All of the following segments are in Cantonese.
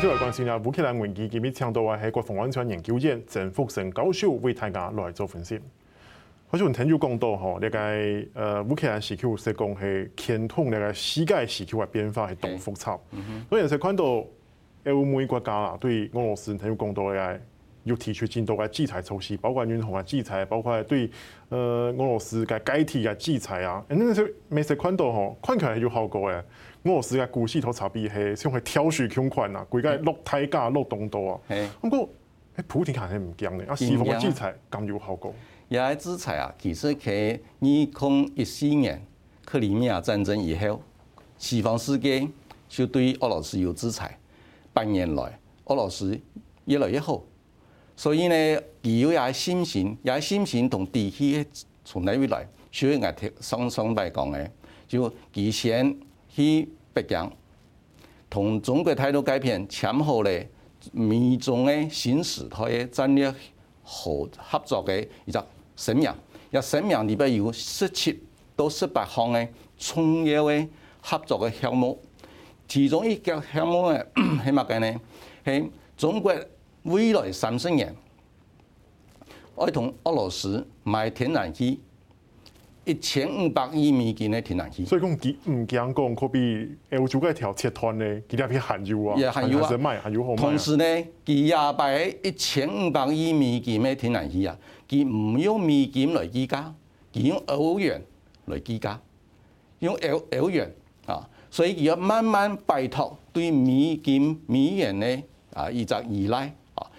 首先嚟關心啊，烏克蘭危機今日倡導的喺國防安全研究院曾復生教授為大家來做分析。我想聽到更多嗬，呢個誒烏克蘭時期，我識講係前通呢個世界時期嘅變化係大複雜。所以人哋到歐美國家啦，對俄羅斯提出更多嘅。又提取進度個制裁措施，包括銀行的制裁，包括對呃俄羅斯個解體啊、制裁啊。那個時候沒寬度吼，看起來有效果哎。俄羅斯的股市都差得黑，像挑選個跳水情況呐，股價落胎價、落東多啊。嗯、不過蒲亭還是唔驚的啊。西方的制裁咁有效果，也係制裁啊。其實佢二零一四年克里米亞戰爭以後，西方世界就對俄羅斯有制裁，半年來俄羅斯越來越好。所以呢，佢要也係心善，也係心善同地區嘅存喺未來，所以我雙雙來講呢，就以前去北京同中國態度改變，前後咧民眾嘅新時代的戰略合合作的一個聲明，個聲明裏邊有十七到十八項的重要的合作的項目，其中一個項目 呢，係乜嘅呢，係中國。未來三十年，我要同俄羅斯買天然氣一千五百億美金的天然氣，所以講唔講講，可比歐洲嗰條鐵團咧，幾粒皮含油啊，含油，啊，油啊，同時呢，佢也百一千五百億美金的天然氣啊，佢唔用美金來計價，佢用歐元來計價，用歐歐元啊，所以佢要慢慢擺脱對美金美元的啊依責依賴。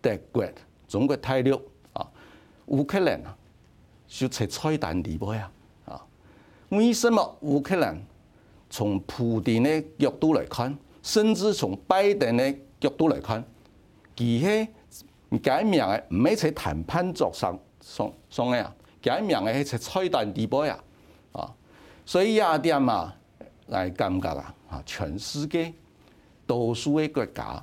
德國、中國、大陸啊，烏克蘭，啊，就切菜單地杯啊！啊，為什麼烏克蘭從蒲亭嘅角度來看，甚至從拜登嘅角度來看，其係解命嘅唔喺切談判桌上上上嘅啊，解命嘅係切菜單地杯啊！啊，所以啲啊嘛係咁解啊，全世界多數的國家。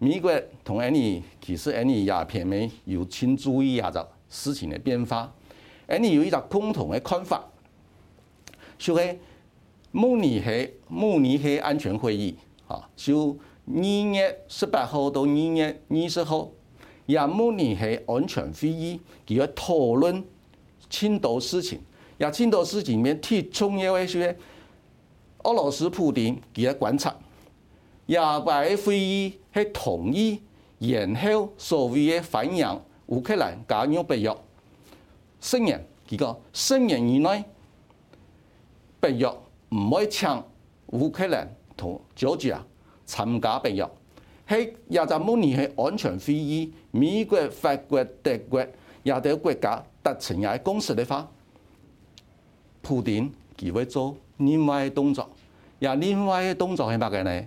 美國同安尼其實安尼亞片面要請注意一下個事情的變化，安尼有一個共同的看法，就係慕尼黑慕尼黑安全會議啊，就二月十八號到二月二十號，亞慕尼黑安全會議，佢要討論青島事情，亞青島事情裡面替，替重要嘅事，俄羅斯普丁佢要觀察。廿八嘅會議係同意延後所謂嘅反擊，烏克蘭加入北約。聲明，結果聲明以內北約唔可以烏克蘭同佐治亞參加北約。喺亞特摩尼嘅安全會議，美國、法國，國、德國廿幾個國家達成嘅共識的話，蒲亭幾位做另外的動作，而另外嘅動作係乜嘅呢？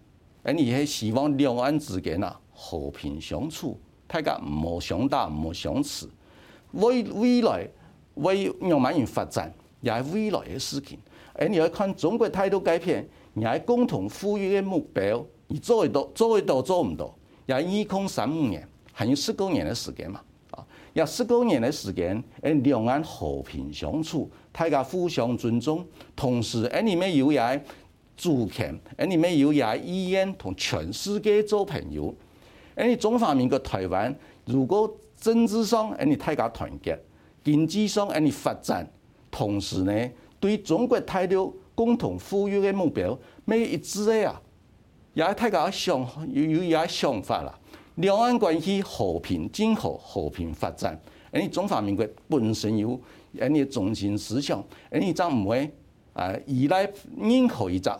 而係希望兩岸之間啊和平相處，大家唔好相打，唔好相持，未未來為讓乜嘢發展，也係未來嘅事情。而你要看中國態度改變，你共同富裕嘅目標你做得，做得到做得到做唔到，也依空三五年，還有十幾年嘅時間嘛。啊，有十幾年嘅時間，兩岸和平相處，大家互相尊重，同時，你有嘢。組織裏面有一些意願同全世界做朋友，中華民國台灣如果政治上你大家團結，經濟上你發展，同時呢，對中國態度共同富裕的目標沒一致的呀，也大家想有有一些想法啦，兩岸關係和平，今後和平發展，中華民國本身有你，情情你的中心思想，你咋不會啊依賴任何一個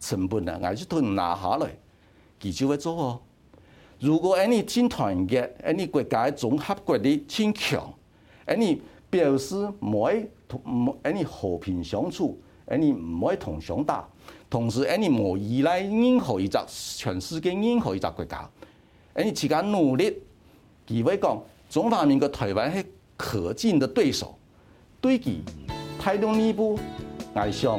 成本啊，我哋都拿下來，佢就會做哦。如果誒你真團結，誒你國家的總合國力真強，誒你表示唔會同誒你和平相處，誒你唔會同相打。同時們，誒你唔依賴任何一個全世界任何一個國家，誒你自己努力，佢會講中華民國台灣係可敬的對手，對其態度呢部愛上。